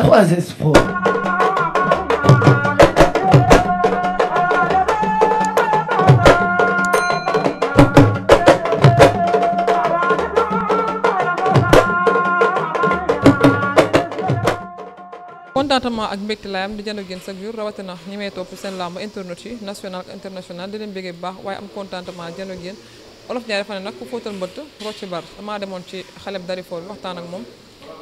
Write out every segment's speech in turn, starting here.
trois espoirs. contentement ak mbégte laayam di jënd ak yéen chaque jour rawatina ñi topp seen làmb internet yi national ak international di leen bu baax waaye am contentement jënd ak yéen olof Ndiaye dafa ne nag ku fóotal mbëtt rocci bar damaa demoon ci xale bu Darifor bi waxtaan ak moom.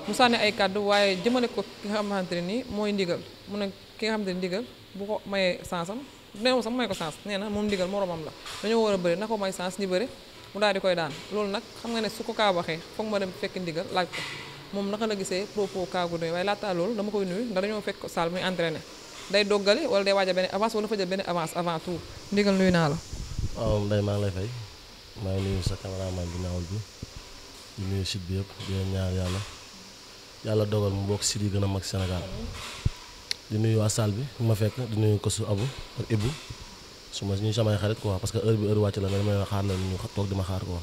mu sànni ay kàddu waaye jëmale ko ki nga xamante ne nii mooy ndigal mu ne ki nga xamante ne ndigal bu ko mayee sansam neewu sax may ko sans nee na moom ndigal moromam la dañoo war a bëri na ko may sans ñi bëri mu daal di koy daan loolu nag xam nga ne su ko kaa waxee foog ma dem fekk ndigal laaj ko moom naka la gisee propos kaa gu doy waaye laata loolu dama koy nuyu ndax dañoo fekk salle muy entraîné day doggali wala day waaja a benn avance wala dafa jël benn avance avant tout ndigal nuyu naa la waaw Ndeye maa ngi lay fay maa ngi sa caméraman bi naawul bi di nuyu site bi yàlla dogal mu bokk si li gën a mag Sénégal di nuyu waa salle bi ma fekk di nuyu ko su Abu ak Ibou su ma ñu samay xarit quoi parce que heure bi heure wàcc la mais damay xaar la ñu toog di ma xaar quoi.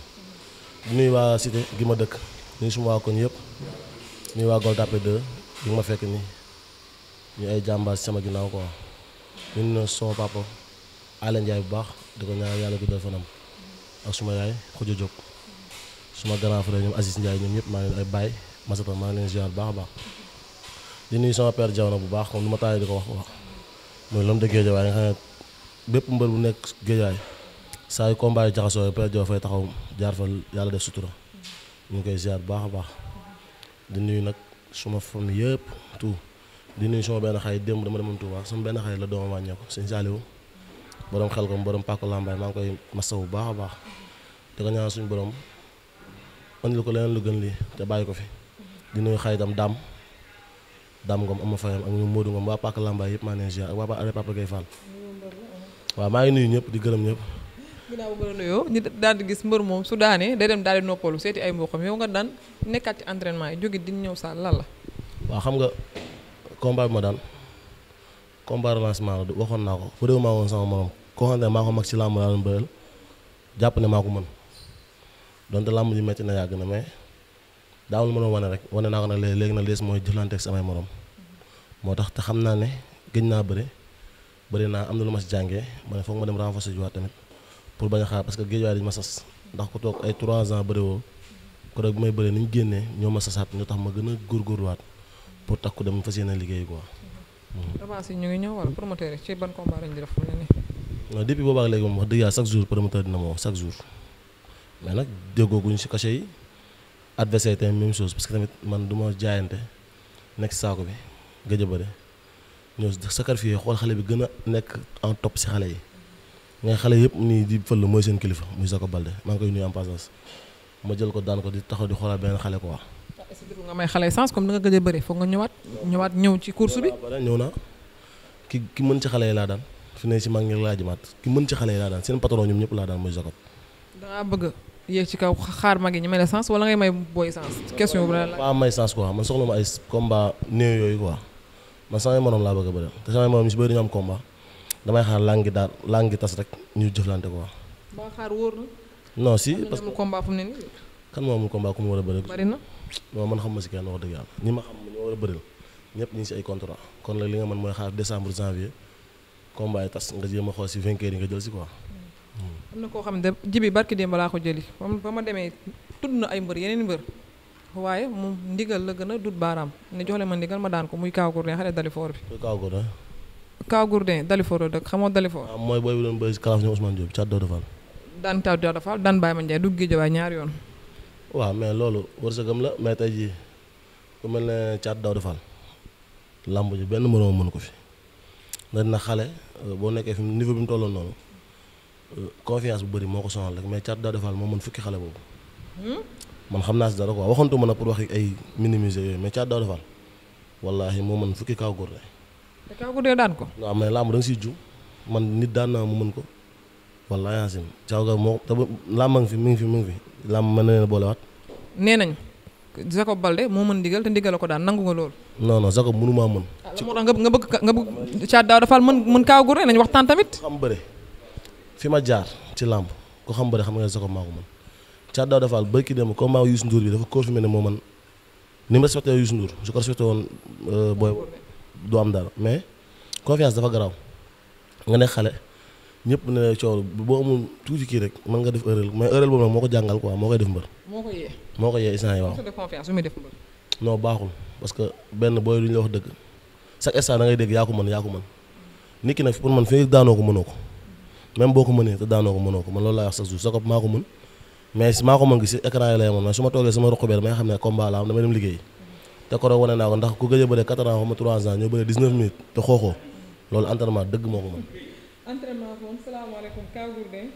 di nuyu waa cité gi ma dëkk nuyu suma waa koñ yëpp nuyu waa Gueule ma fekk nii ñu ay jàmbaar si sama ginnaaw quoi ñun ne sama papa Alain Ndiaye bu baax di ko ñaan yàlla guddal fanam ak suma yaay Khoudia Diop suma grand frère ñoom Aziz Ndiaye ñoom ñëpp maa ngi ay baay Masata maa ngi leen ziar bu baax baax di nuyu sama père Diaw bu baax comme nu ma taayee di ko wax wax mooy lam de géejawaay nga bépp mbër bu nekk géejaay saa yu combat yi jaxasoo père fay taxaw jaar fa yàlla def sutura mu ngi koy ziar bu baax a baax di nuyu nag suma famille yëpp tout di nuyu suma benn xay démb dama demoon Touba sama benn xay la doomam wàññeeku sëñ Saliou borom xel ko borom pàkku làmbaay maa ngi koy masawu bu baax a baax di ko ñaan suñu borom andi ko leneen lu gën te bàyyi ko fi. di nuyu xaritam Dame Dame Ngom am ma fayam ak ñoom Modou Ngom waa Pàcc Lambaay yëpp maa ngi leen ak waa Pàcc Papa Gueye Fall waaw maa ngi nuyu ñëpp di gërëm ñëpp. ginnaaw di gis mbër moom su daanee day dem daal di noppalu seeti ay mboqam yow nga daan nekkaat ci entraînement yi jóge di ñëw sa lan la. waaw xam nga combat bi ma daan combat relancement la waxoon naa ko bu dee woon sama morom koo xam ne maa ko mag ci làmb laa doon jàpp ne maa ko daawul mën a wane rek wane naa ko nag léegi na lees mooy jëflanteeg samay morom moo tax te xam naa ne gëj naa bëre bëri naa am na lu ma si jàngee ma ne foog ma dem renforcer jiwaat tamit pour bañ a xaar parce que géej waay dañ ma sas ndax ku toog ay 3 ans bëri woo ko rek bi may bëree ni ñu génnee ñoo ma sasaat ñoo tax ma gën a góorgóorluwaat pour takku dem fas yéene liggéey quoi. avance hmm. yi ñu ngi ñëw wala promoteur yi ci ban combat lañ di def mu ne non depuis boobaak léegi moom wax dëgg yàlla chaque jour promoteur dina ma mais nag déggoo si cachet adversaire tamit même chose parce que tamit man du ma jaayante nekk saako bi gëj a bëri ñëw sacrifier xool xale bi gën a nekk en top si xale yi nga xale yëpp nii di fël mooy seen kilifa muy Sako Balde maa ngi koy nuyu en passage ma jël ko daan ko di taxaw di xoolaat beneen xale ko est-ce que nga may xale sens comme ni nga gëj a nga ñëwaat. ñëwaat ñëw ci course bi ñëw naa ki ki mën ci xale yi laa daan su ne si mag ngi laa jëmaat ki mën ci xale yi laa daan seen patron ñoom ñëpp laa daan mooy yéeg ci kaw xaar magi ñu ma la sens wala ngay may booy sens question bu la waaw may sens quoi man soxla ma ay combat néew yooyu quoi man samay morom laa bëgg a bëri si bëri dañu am combat damay xaar langi daal langi tas rek ñu jëflante quoi. ba xaar wóor na. si parce que combat fu kan moo amul combat ku bari na non man xam ma si kenn wax dëgg yàlla ma xam ñu war a bëri ñëpp ñu ngi si ay contrat kon la li nga mën mooy xaar décembre janvier combat yi tas nga jéem a xool si vainqueur yi nga jël si quoi. am na koo xam ne jibi barki démb laa ko jëli moom ba ma demee tudd na ay mbër yeneen mbër waaye moom ndigal la gën a dut baaraam ne jox leen ma ndigal ma daan ko muy Kaaw Gourdin xale Dalifor bi. Kaaw Gourdin. Kaaw Gourdin Dalifor la dëkk xamoo Dalifor. Ah, mooy booy bi doon bëri si kalaaf ñoom Ousmane Diop Thiat Dodo Fall. daan Thiat Dodo Fall daan Baye Mandiaye dugg Guédiawaye ñaari yoon. waaw mais loolu wërsëgam la mais tey jii ku mel ne Thiat Dodo Fall làmb ji benn moroom mënu ko fi na xale boo nekkee fi niveau bi mu confiance bu bëri moo ko sonal rek mais Thiatou Daouda Fall moo mën fukki xale boobu. Hmm? man xam naa si dara quoi waxantu ma nag pour wax ay minimiser yooyu mais Thiatou Daouda Fall wallaahi moo mën fukki kaw góor te kaw góor dee daan ko. waaw mais làmb da nga siy man nit daan naa mu mën ko wallaahi yaa seen Thiatou moo te làmb a ngi fi mi ngi fi mu ngi fi làmb mën na leen a boolewaat. nee nañ. Jacob Balde moo mën ndigal te ndigal ko daan nangu nga loolu. non non Jacob mënu maa mën. ci ah, moo tax nga bëgg nga bëgg Thiatou Daouda Fall mën mën kaw góor nañu waxtaan tamit. xam bëre. fi ma jaar ci làmb ko xam bëri xam nga sa ko maa ko mën Thiat Daouda Fall bërki dem ko maa Youssou Ndour bi dafa moo ni mu respecté Youssou Ndour su ko woon euh, booy du am dara mais confiance dafa garaaw nga ne xale ñëpp ne coow boo amul tuuti kii rek mën nga def erreur mais erreur boobu moo ko jàngal quoi moo koy def mbër. moo ko yee moo ko yee de confiance baaxul parce que benn booy lu ñu wax dëgg chaque instant da ngay dégg yaa ko mën yaa ko mën nit ki nag pour man fii daanoo ko mënoo ko. même boo ko mënee te daanoo ko mënoo ko man loolu laa wax sax sa kopp maa ko mën mais maa ko mën gi si écran yi lay mën mais su ma toogee sama ruq bee damay xam ne ko ndax ko mën entraînement moom salaamaaleykum Kaw Gourdin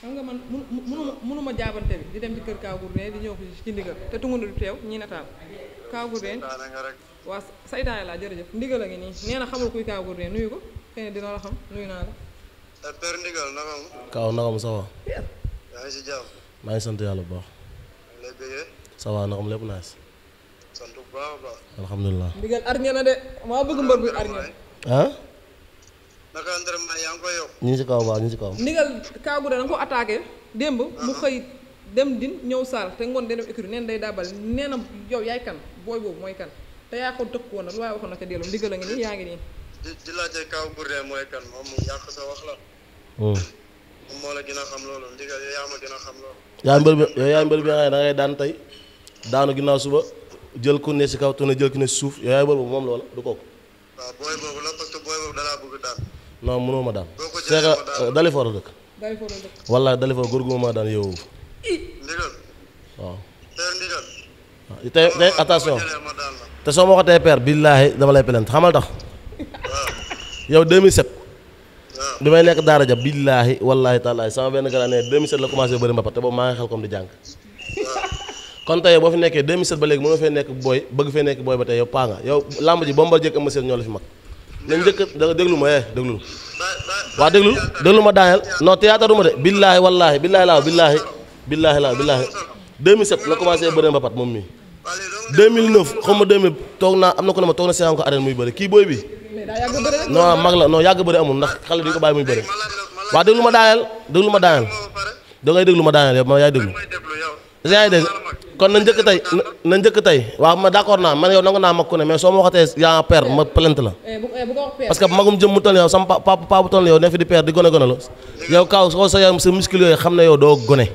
xam nga man mënuma jaabante bi di dem ci kër Kaw di ñëw ci ndigal te tungu du teew ñi nataal Kaw waa saytaane laa jërëjëf ndigal a ngi nii nee xamul kuy Kaw nuyu ko xëy dina la xam nuyu naa la Eh, Père Ndigal naka mu. Kaaw naka mu ça va. yaa ngi si jàmm. maa ngi sant yàlla bu baax. lay bëggee. lépp naa si. sant bu baax a baax. alhamdulilah. Ndigal arñe na de maa bëgg mbër buy arñe. ah. naka ñu ngi si kaw baax ñu ngi si kaw. Ndigal kaa de da nga ko attaqué. démb mu ah. xëy dem din ñëw saal te ngoon day dem écurie neen day daabal nee na yaay kan booy boobu mooy kan te yaa ko dëkk woon na lu waaye waxoon na te delloo Ndigal a ngi nii yaa ngi nii. di di laajte Kaw Gourdin mooy kan moom mu yàq sa wax la. Oh. moom moo la gën a xam loolu ndigal yow yaa ma gën a bi nga ngay daan tey daanu ginnaaw suba jël ku ne si kaw tourné jël ku ne suuf yow yaa mbër boobu moom loola du kooku. waaw booy boobu la parce booy boobu dalaa bëgg daan. non mënoo daan. boo ko jëlee euh, dëkk. Dalifor la dëkk. wala Dalifor góor daan yow. ndigal. tey tey attention te soo ma waxatee père billaahi dama lay pelent xamal tax yow 2007. waaw bi may nekk daara ja billaahi wallaahi taalaahi sama benn gala ne 2007 la commencé bëri mbapat te boobu maa ngi xel comme di jàng. kon tey boo fi nekkee 2007 ba léegi mënoo fee nekk booy bëgg fee nekk booy ba tey yow paa nga yow làmb ji Bombardier ak Eumeu Sène ñoo la fi mag. nañ njëkk a déglu ma eh déglul waa déglul déglu ma daaneel non théâtre ma de billaahi wallaahi billaahi laaw billaahi billaahi laaw billaahi 2007 la commencé bëri mbapat moom mii. 2009 xaw ma 2000 toog naa am na ko ne ma toog na seetaan ko arène muy bëri kii booy bi. non mag la non yàgg bëri amul ndax xale bi ko bàyyi muy bëri. waaw déglu ma daaneel déglu ma daaneel da ngay déglu ma daaneel yow ma yaay déglu. est-ce que yaa ngi dégg kon na njëkk tey na ma d'accord naa man yow nangu naa mag soo ma waxatee yaa père ma plainte la. parce que magum jëm mu toll yow sama papa papa bu toll yow ne fi di père di gone gone la yow kaw soo sa yaram sa muscle yooyu xam ne yow doo gone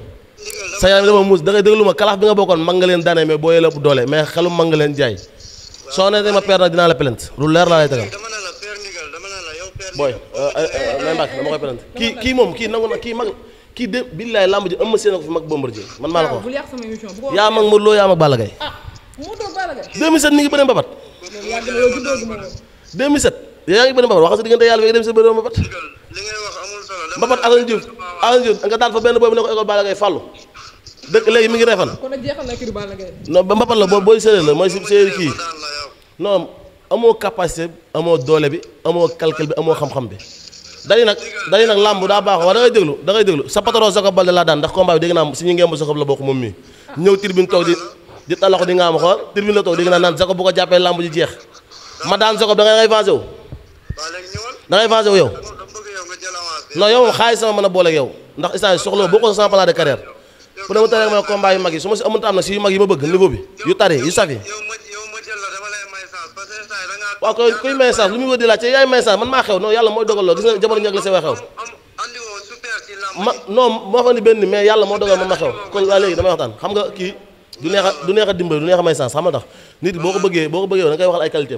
sa yaram dafa muus da ngay déglu ma kalaaf bi nga bokkoon mag nga leen daane mais booyee la ëpp doole mais xelum mag nga leen jaay soo ne ma père nag dinaa la plainte lu leer laa lay tegal booy nay euh, euh, euh, mbàkk dama koy plainte kii kii moom kii nangu na kii mag kii de billaay lamb ji ëmb seen ko fi mag Bombardier man maa la ah, ko wax yaa mag Modou Lo yaa mag Balla Gaye 2007 ah, mi ngi bëree mbabat 2007 yaa ngi bëree mbabat waxal nga dem sa bëree mbapat alal jëm alal jëm nga daan fa benn boobu ne ko école Balla Gaye fàllu dëkk léegi mi ngi refan non ba mbapat la boobu booy séeréer la mooy si séeréer kii non amoo capacité amoo doole bi amoo calcul bi amoo xam-xam bi dañu nag dañu nag làmb daa baax waaw da ngay déglu da ngay déglu sa patron Jacob Baldé laa daan ndax combat bi dégg naa si ñu ngemb Jacob la bokk moom mii ñëw tribune toog di di talaxo di nga am xool tribune la toog dégg naa naan Jacob ko jàppee làmb ji jeex ma daan Jacob da ngay vengé wu da ngay vengé wu yow non yow moom xaalis sama mën a booleeg yow ndax instant soxla boo ko sama plan de carrière ne ma tëral ma combat yu mag yi su ma si amunta am na si yu mag yi ma bëgg niveau bi yu tari yu safi waaw koy kuy may chance lu muy wër di laajte yaay may chance man maa xew non yàlla mooy dogal lool gis nga jamono ñëg la see xew ma non moo fa ni benn mais yàlla moo dogal man ma xew kon waa léegi damay waxtaan xam nga kii du neex a du neex a dimbali du neex a boo ko bëggee boo ko bëggee ay qualité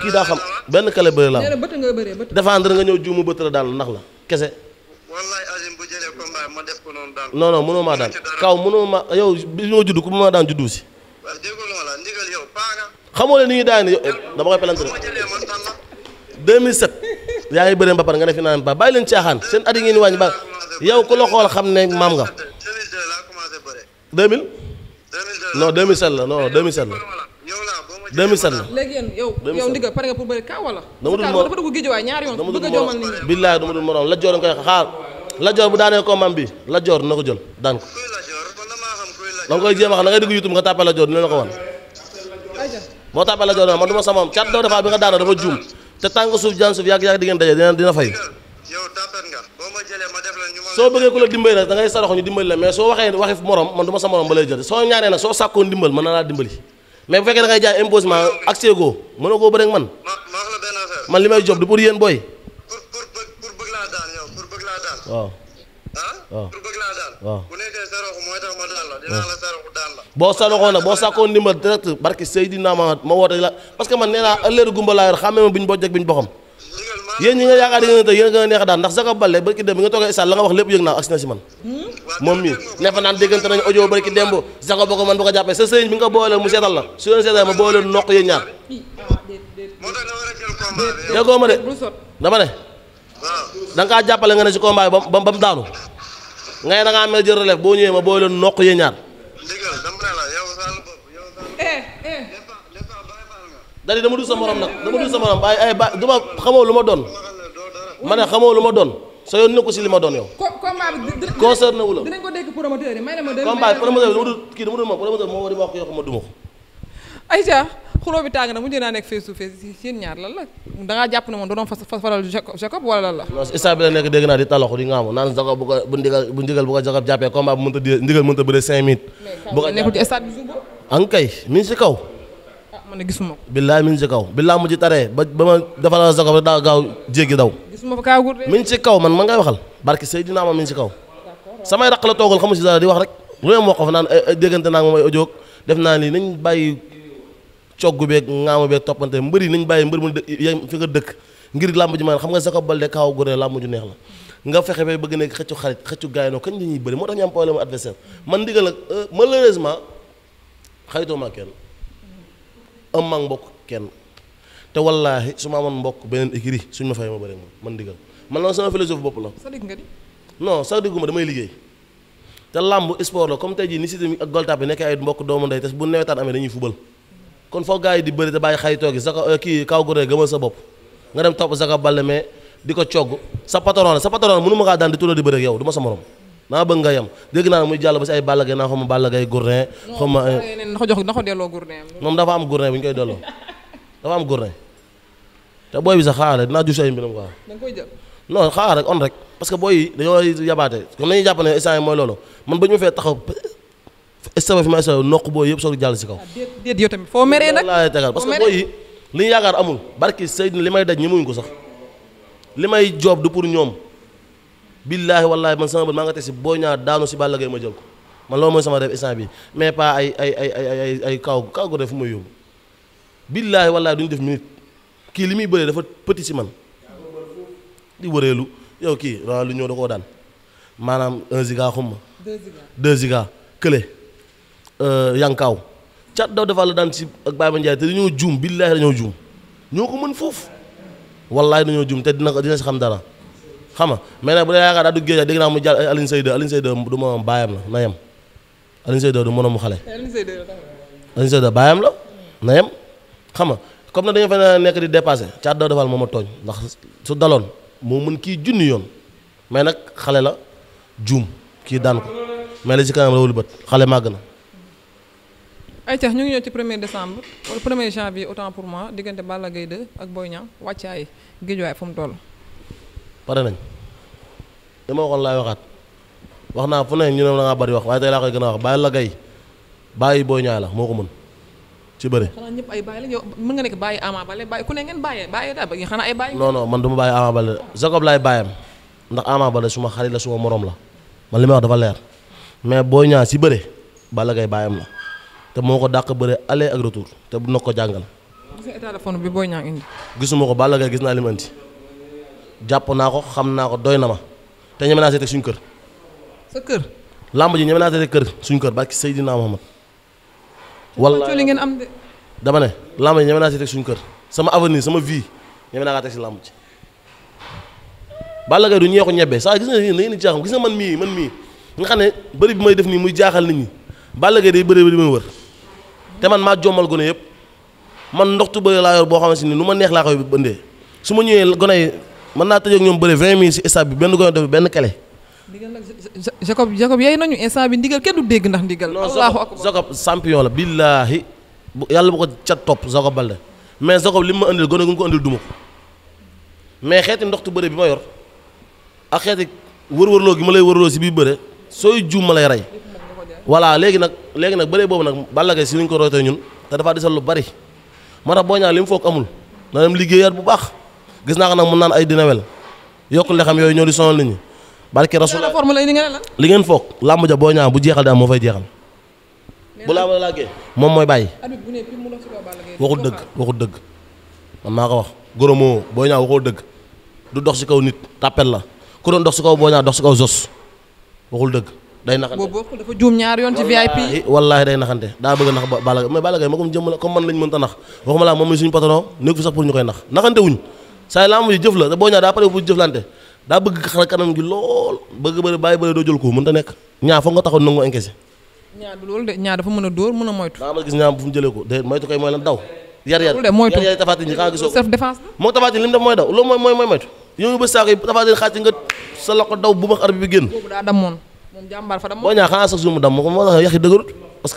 kii daa xam benn kale bëri la défendre nga ñëw juumu bëtt la daan ndax la kese. wallaay Azim bu jëlee combat ma def ko noonu daan. non non mënoo maa daan kaw mënoo ma yow bi ñoo judd ku ma daan juddu si. waaw déggoo la wala ndigal yow paa nga. xamoo ni ñuy daan yow eh, dama koy pelante 2007 yaa ngi bëree ba pare nga ne fi naan ba bàyyi leen caaxaan seen at yi ngeen wàññi ba yow ku la xool xam ne maam nga. 2000. 2000 non 2007 la non 2007 la. 2007 la. léegi yéen yow yow ndigal pare nga pour bëri kaw wala. dama dul morom dafa dugg géej waay ñaari a joomal nit ñi billaay dama dul morom Lat Joor nga koy xaar Lat bu daanee combat bi Lat na ko jël daan ko. da koy jéem a xam da ngay dugg YouTube nga tàppee Lat Joor dina la ko wan. boo tàppee Lat Joor man du ma sama moom cat doo defaat bi nga daanoo dafa juum te tàng suuf jaan suuf yàgg yàgg di ngeen daje dina dina fay. soo bëggee ku la dimbali nag da ngay saraxu ñu dimbali la mais soo waxee waxi morom man du sa morom ba lay jël soo ñaanee nag soo sàkkoon dimbal mën na laa dimbali mais bu fekkee da ngay jaay imposement ak seego mënoo koo bëreeg man. man li may jot du pour yéen boy pour pour pour bëgg laa daan yow pour bëgg laa daan. waaw. ah pour bëgg laa daan. waaw bu nekkee saroxu mooy tax ma daan la boo saroxoon nag direct barki Seydina ma ma woote la parce man nee naa gumba laa yor xàmmee ma biñ bojj ak biñ boxam yéen ñi nga yaakaar yi nga tey yéen nga neex a daan ndax Saka ki dem bi nga toogee isal la nga wax lépp yëg naa agsi na si man hmm? moom mii ne naan déggante nañu audio bari ki demb Saka ba ko man bu ko jàppee sa sëriñ bi nga boole mu seetal la su leen seetal ma boole noq yéen ñaar déggoo ma de dama ne da jàppale nga ne si combat bi ba ba mu daanu ngay da ngaa jël relève boo ñëwee ma boole noq yéen ñaar daal di dama dul sa morom nag dama dul sa morom ay ay ba xamoo lu ma doon ma ne xamoo lu ma doon sa yoon nekku si li ma doon yow. combat bi concerné wu la dinañ ko na ma. combat na mujj naa nekk face to face yéen bu ko bu ndigal bu ko Jacob jàppee combat bu mënta di ndigal mënta bëre cinq minutes. bu ko nekkul ci stade bi suba. si kaw ma ne gisuma ko billaay mi ngi kaw billaay mu ci taree ba ba ma defalal sa ko daa gaaw jéggi daw gisuma fa kaa kaw man man ngay waxal barki Seydina ma mi ngi ci kaw samay raq la toogal xamu si dara di wax rek lu ne moo ko fa naan eh, eh, déggante naa moom ay audio def naa lii nañ bàyyi coggu beeg ŋaamu beeg yi nañ mu fi nga dëkk ngir làmb ji maanaam xam nga sa ko balde kaaw gure làmb ju neex la nga fexe ba bëgg nekk xëccu xarit xëccu gaayno kañ la ñuy bëri moo tax ñu am problème adversaire man ndigal nag euh, malheureusement xaritoo maa kenn am ak mbokk kenn te wallaahi su ma amoon mbokk beneen écurie suñ ma fay ma bëri moom man digal man loolu sama philosophie bopp la. sa sa diggu damay liggéey te làmb sport la comme tey jii ni Siteu ak Goltap bi nekk ay mbokk doomu ndey te bu nawetaan amee dañuy fubal kon foog gars yi di bëri te bàyyi xaritoo gi saka euh, kii kaw gu rëy gëmal sa bopp nga dem topp saka balle mais di ko cogg sa patron sa patron mënu ma daan di tourné di bëri ak yow naa bëgg nga yem dégg naa muy jàll ba si ay Balla Gaye naa xaw ma Balla Gaye gourdin xaw ma eh. moom dafa am gourdin bu ñu koy delloo dafa am gourdin te booy bi sax xaar rek dinaa jur si ay mbiram quoi da nga koy rek on parce que booy yi dañoo yabaate kon nañuy jàpp ne instant yi mooy loolu man ba ñu ma fee taxaw staba fi ma sta noq booy yëpp soog jàll si kaw ah, déet foo meree nag laa tegal parce que booy yi li ñu yaakaar amul barki Seydina li may daj ñi muñ ko sax li may joob du pour ñoom billaahi wallaahi man sama bët maa nga teg si Boy Niang daanu si Balla Gaye ma jël ko man loolu mooy sama def instant bi mais pas ay ay ay ay ay ay kaw kaw ko def fu yóbbu billaahi wallaahi duñu def minute kii li muy bëree dafa petit si man di wëreelu yow kii raa lu ñëw da koo daan maanaam un ziga xumma deux ziga kële euh, yankaaw cat daw defal la daan si ak Baye Mandiaye te dañoo juum billaahi dañoo juum ñoo ko mën foofu wallaahi dañoo juum te dina dina si xam dara xam nga mais nag bu dee yaakaar daa dugg géej dégg naa mu jàll eh, Alioune Seye 2 Alioune Seye 2 du moroom baayam la na yem Alioune Seye 2 la na yem xam nga comme na dañoo fa nekk di dépassé Thiat Daouda Fall moo ma tooñ ndax su daloon moo mën kii junni yoon mais nag xale la juum kii daan ko mais la ci kanam rawul bët xale màgg na. ay tax ñu ngi ñëw ci premier décembre wala premier janvier autant pour moi diggante Balla Gaye 2 ak Boy Niang wàccaay géej waay fu mu toll. pare nañ li ma waxoon laay waxaat wax naa fu ne ñu ne da ngaa bari wax waaye tey laa koy gën a wax bàyyi la gay bàyyi booy ñaay la moo ko mën ci bëre. xanaa ñëpp ay bàyyi la nekk bàyyi Ama Baldé bàyyi ku ne ngeen bàyyee bàyyi daal xanaa ay bàyyi. non man du ma bàyyi Ama Baldé Jacob laay bàyyam ndax Ama Baldé suma xarit la suma moroom la man li may wax dafa leer mais booy ñaay si bëre Balla Gaye bàyyam la te moo ko dàq bëre aller ak retour te bu na ko jàngal. gisuma ko Balla Gaye gis naa li mu jàpp naa ko xam naa ko doy na ma te ñeme naa seete suñu kër. sa kër. làmb ji ñeme naa seete kër suñu kër li ngeen am de. dama ne làmb ji ñeme kër sama avenir sama vie ñeme naa kaa teg si làmb ji. Balla Gaye du ñeexu ñebe saa gis nga ni ngeen di gis nga man mii man mii nga xam ne bëri bi may def nii muy jaaxal nit ñi Balla Gaye day bëri bi may wër te man maa jommal gone yëpp man ndoxtu bëri laa yor boo xam xamante ni nu ma neex laa koy bëndee su ma ñëwee gone yi mën naa tëjee ak ñoom bëri 20 minutes si stade bi benn góor def benn kale. ndigal nag Jacob Jacob yey nañu instant bi ndigal kenn du dégg ndax ndigal. allahu akbar Jacob champion la billaahi bu yàlla bu ko ca topp Jacob Baldé mais Jacob li ma indil gone gu ko indil duma ko mais xeeti ndoxtu bëre bi ma yor ak xeeti wërwërloo gi ma lay wërloo si bi bëre sooy juum ma lay rey. voilà léegi nag léegi nag bëre boobu nag Balla Gaye si ni ñu ko roytee ñun te dafaa desal lu bari moo tax boo ñaan li mu foog amul na bu baax. gis naa ko nag mun naan ay dina wel yokk lexam yooyu ñoo di sonal nit ñi barke rasul li ngeen foog làmb boo ñaa bu jeexal daal moo fay jeexal bu ma la laajee moom mooy bàyyi waxul dëgg waxul dëgg man ko wax Goro moo boo ñaa dëgg du dox ci kaw nit tàppel la ku dox ci kaw boo ñaa dox ci kaw jos waxul dëgg day naxante boobu dafa juum yoon a nax Balla Gaye mais Balla Gaye ma comme jëm man lañ mënta nax waxuma laa moom mi suñu patron nekk fi sax pour ñu koy nax naxante saa lamb ji jëf la te boo ñaa daa pare bu ko mën ta a dóor mën a moytu daa ma gis ñaa mu jëlee ko de moytu koy mooy lan daw yar yar yar tafaatin ji xanaa gisoo self défense moo tafaatin li mu def mooy daw ba saako yi sa loxo bi génn boobu daa damoon moom boo ñaa ko moo tax yax yi dëgërut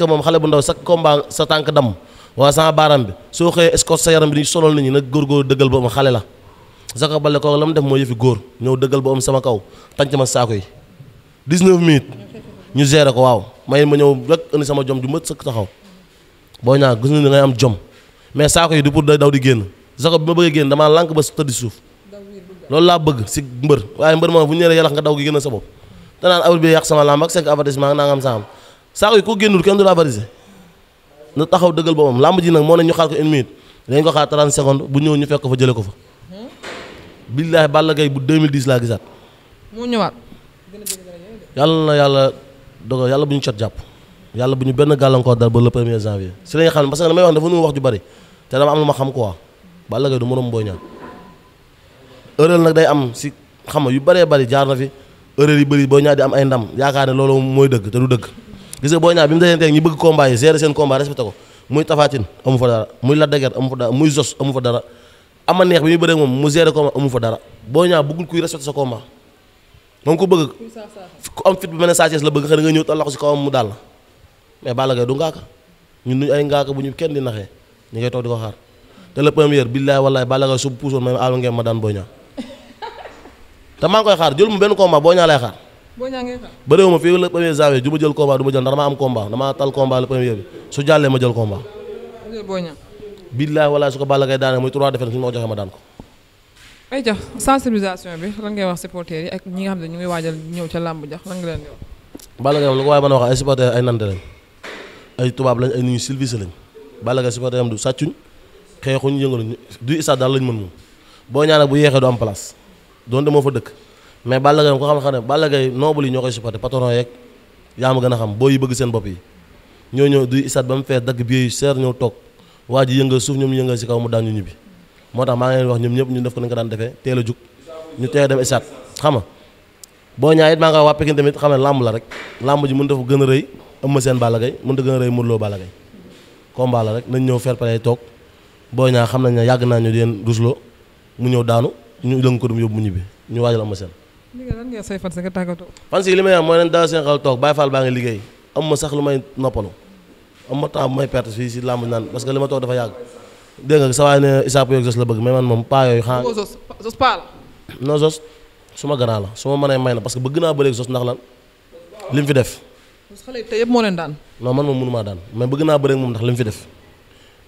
moom xale bu ndaw sa combat sa tànk damm waa sama baaraam bi soo xëyee escorte sa yaram bi di sonal nit ñi nag góorgóor dëggal ba ma xale la Zaka Bale kooku la mu def mooy yëfi góor ñëw dëggal ba sama kaw tànc ma saako yi 19 minutes ñu gérer ko waaw may ma ñëw rek indi sama jom ju mët sëkk taxaw boo ñaa gis na da ngay am jom mais saako yi du pour day daw di génn Zaka bi ma bëggee génn damaa lànk ba tëdd suuf loolu laa bëgg si mbër waaye mbër moom bu ñëwee yàlla nga daw gi génn sa bopp te naan awul bi yàq sama làmb ak cinq avertissement naa nga am saam saako yi ko génnul kenn du la na taxaw dëggal boppam làmb ji nag moo ne ñu xaar ko une minute dañ ko xaar 30 bu ñëw ñu fekk ko fa jëlee ko fa billaahi Balla Gaye bu 2010 laa gisaat. moo ñëwaat. yàlla na yàlla dogal yàlla bu ñu cot jàpp yàlla bu ñu benn gàllankoor dal ba le premier janvier si la nga xam ne parce que damay wax dafa nu wax ju bari te dama am lu ma xam quoi Balla Gaye du moroom booy Niang erreur nag day am si xam nga yu bëree bari jaar na fi erreur yu bëri Boy Niang di am ay ndam yaakaar ne loolu mooy dëgg te du dëgg gis nga Boy Niang bi mu dajee teg ñi bëgg combat yi gérer seen combat ko muy muy Lac de Guiers dara ama neex bi muy bëre moom mu gérer combat amu fa dara Boy Niang bëggul kuy respecté sa combat moom ko bëgg ku am mel ne Sa la bëgg xëy na nga ñëw tal mu daal la du ngaaka ñun duñu ay bu ñu kenn di naxee ñu ngay toog di ko xaar te le premier billaay su puusoon ma aal ngeen ma daan Boy Niang te maa koy xaar jël mu benn combat Boy Niang lay xaar Boy Niang ngay xaar bëréewu ma fii le premier janvier du ma jël combat du ma jël ndax damaa am combat damaa tal combat le premier bi su jàllee ma jël combat billaay walaay su ko Balla Gaye daanee muy trois défaites suñu ma joxee ma daan ko. ay jax sensibilisation bi lan ngay wax supporters yi ak ñi nga xam ne ñu ngi waajal ñëw ca làmb jax lan nga leen di wax. Balla Gaye moom lu ko waaye mën a wax ay supporters ay nante lañ ay tubaab lañ ay nit ñu civilisé lañ Balla Gaye supporters am du sàccuñ xeexuñ yëngaluñ du stade daal lañ mën moom boo ñaanal bu yeexee du am place doonte moo fa dëkk mais Balla Gaye ko yi ñoo koy supporter patron yeeg yaa ma gën a xam boo yi bëgg seen bopp yi ñoo ñëw du stade waa ji yëngal suuf ñoom yëngal si kaw mu daan ñu ñibbi moo tax maa ngi wax ñoom ñëpp ñu def ko ni ko daan defee teel a jug ñu teel a dem isaat xam ma boo ñaa it maa nga waa Pikine tamit xam ne làmb la rek làmb ji mën dafa gën a rëy Eumeu Sène Balla Gaye mën gën a rëy Modou Lo Balla Gaye combat la rek nañ ñëw fair play toog boo ñaa xam nañ ne yàgg naa ñu di leen rusloo mu ñëw daanu ñu lëng ko dum yóbbu mu ñu waajal Eumeu Sène fan si li may am mooy leen daal seen xel toog Baye Fall baa ngi liggéey am ma sax lu may noppalu am ma temps bu may perte fii si làmb naan parce que li ma toog dafa yàgg dégg nga sa waay ne Issa Pouye la bëgg mais man moom paa xaa Zoss paa su ma garaa la su ma mënee may na naa bëreeg Zoss ndax fi def xale yi tey yëpp moo leen daan non bëgg naa bëreeg moom ndax li mu fi def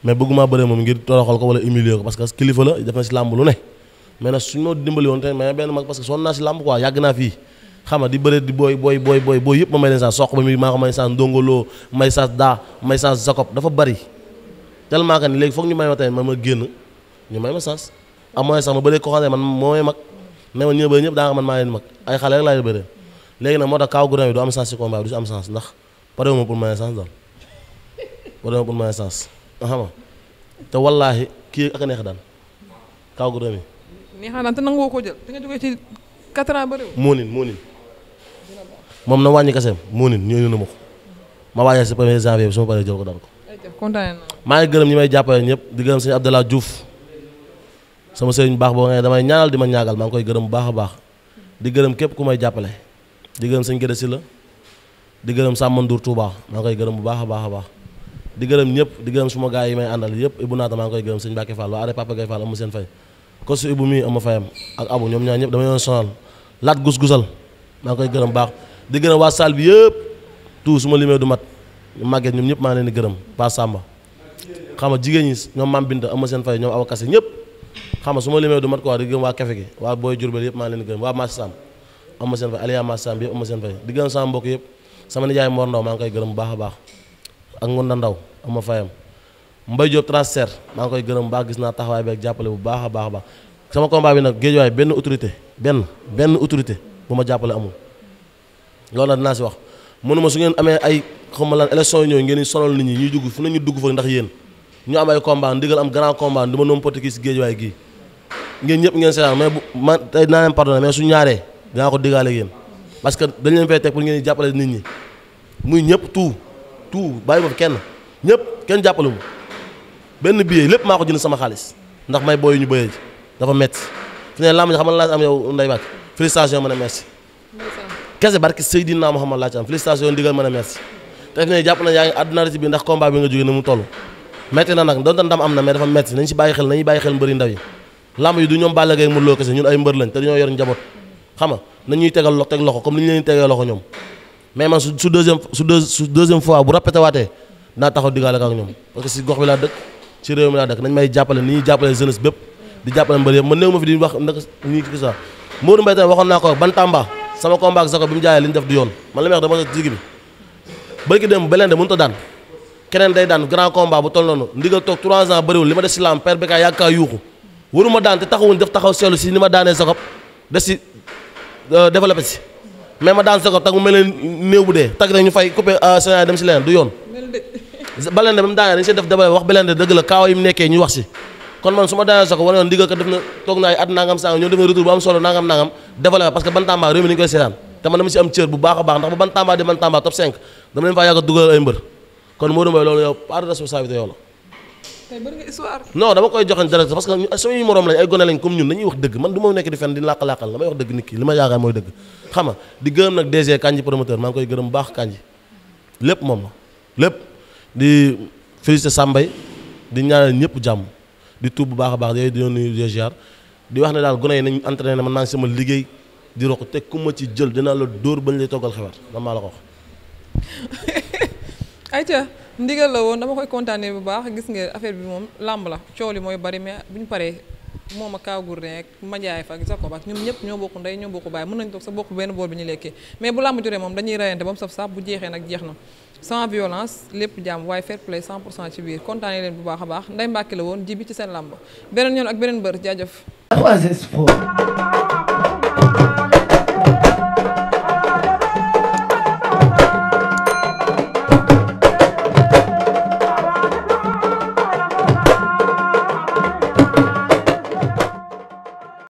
mais bëgguma bëreeg moom ngir toroxal ko wala humilier ko parce que kilifa la def na si làmb lu ne mais nag suñ ma dimbali woon te mais benn mag parce que sonn naa si làmb quoi yàgg naa fii xam nga di bëre di booy booy booy booy booy yëpp ma may leen chance soq ba mi maa ko may chance ndongoloo may chance daa may chance jacob dafa bari tellement que ni léegi foog ñu may ma tamit man ma génn ñu may ma chance am mooy sax ma bëree ko xam man mooy mag mais man ñëw bëri ñëpp daa man maa leen mag ay xale rek laay bëree léegi nag moo tax kaw grand bi du am chance ci combat du ci am chance ndax pare ma pour may chance daal pare ma pour may chance xam nga te wallaahi kii ak a neex daal kaw grand bi neexaa daal te nangoo ko jël te nga jógee ci 4 ans bëriwul moonin moonin moom na wàññi kaseem moo nin ñëw na ma ko ma waajal si premier janvier bi su ma paree jël ko daan ko. kontaan naa maa ngi gërëm ñi may jàppale ñëpp di gërëm sëñ Abdallah Diouf sama sëriñ baax boo xam ne damay ñaanal di ma ñaagal maa ngi koy gërëm bu baax a baax di gërëm képp ku may jàppale di gërëm sëñ Gédé Sylla di gërëm Sàmmandour Touba maa ngi koy gërëm bu baax a baax a baax di gërëm ñëpp di gërëm suma gaay yi may àndal yëpp Ibou Naata maa ngi koy gërëm sëñ Bakke Fall waa are Papa Gaye Fall amu seen fay ko su Ibou mii ama fayam ak abu ñoom ñaar ñëpp dama leen sonal laat gus-gusal maa ngi koy gërëm baax di gërëm waa salle bi yëpp tout su ma limee du mat màgget ñoom ñëpp maa leen di gërëm par Samba xam nga jigéen ñi ñoom Mame bind am ma seen fay ñoom aw kase ñëpp xam nga su ma limee du mat quoi di gërëm waa kefe gi waa Boy Diourbel yëpp maa leen di gërëm waa Mass Samb am ma seen fay Aliya Mass Samb seen fay di gërëm sama mbokk yëpp sama nijaay Mor Ndaw maa ngi koy gërëm bu baax a baax ak Ngunda Ndaw am ma fayam Mbaye Diop transfert maa ngi koy gërëm bu baax naa taxawaay bi jàppale bu baax a baax a baax sama combat bi nag géejuwaay benn autorité benn benn autorité bu ma jàppale amul loolu dinaa si wax mënuma su ngeen amee ay xawma lan élection yi ñëw ngeen sonal nit ñi ñuy dugg fu ne ñu dugg fa ndax yéen ñu am ay combat ndigal am grand combat du ma noom poti kii si géej waay gii ngeen ñëpp ngeen seetaan mais bu man tey naa leen pardonné mais su ñaaree dinaa ko digaale ak yéen parce que dañ leen fay teg pour ngeen jàppale nit ñi muy ñëpp tout tout bàyyi ma fi kenn ñëpp kenn jàppale mu benn billet lépp maa ko jënd sama xaalis ndax may booy ñu bëyee ji dafa metti fi ne laa am yow nday baat ma ne merci kese barki Seydina Mouhamad laa ci am félicitation ndigal ma ne merci te ne jàpp na yaa ngi àdduna rëcc bi ndax combat dafa metti nañ nañu ay mbër lañ te dañoo yor njaboot xam nga nañuy tegal jàppale ni bépp di jàppale mbër yëpp man néew ma fi di wax nag nii kii sax Modou tamit waxoon naa ko ban Tamba sama combat ak Zarko bi mu jaayee li ñu def du yoon man li may wax dama nekk digg bi bëri dem Blindé mënut a daan keneen day daan grand combat bu toll noonu ndigal toog 3 ans bëriwul li ma des si lamb bi kaay yàgg kaa yuuxu waruma daan te taxawuñ def taxaw seelu si ni ma daanee Zarko des si euh, développé si mais ma daan Zarko tag mu mel ne néew bu dee tag rek ñu fay coupé euh, Sénégal dem si leneen du yoon. Blindé ba mu daanee dañ siy def développé ñu wax si. kon man su ma daanee soko wane woon ndigal kat def na toog naa at nangam sang ñoo def na retour bu am solo nangam nangam développé parce que Bantamba réew mi ni koy seetaan te man dama si am cër bu baax a baax ndax ba a dugal ay mbër kon Modou Mbaye loolu yow part de gone lañ comme ñun dañuy wax dëgg man du nekk di fenn di làq-làqal damay wax dëgg nit ki li ma yaakaar mooy dëgg xam di gërëm nag DG Kandji promoteur maa ngi koy gërëm baax Kandji lépp moom la lépp di tuub bu baax a baax yooyu di nuyu di wax ne daal gone yi nañ na man maa sama liggéey di roq te ku ma ci jël dinaa la dóor bañ lay toggal xewar man maa la ko wax. ayca ndigal la woon dama koy kontaanee bu baax gis nga affaire bi moom làmb la coow li mooy bari mais bu ñu paree moom ak Kaagur rek Mandiaye fa ak Jacob ak ñun ñëpp ñoo bokk ndey ñoo bokk baay mën nañ toog sa bokk benn bool bi ñu lekkee mais bu làmb jotee moom dañuy rayante ba mu saf saaf bu jeexee nag jeex sans violence lépp jàmm waaye fair play 100 pour cent ci biir kontaanee leen bu baax a baax Ndeye Mbacke la woon ji bi ci seen làmb beneen yoon ak beneen bër jaajëf. 3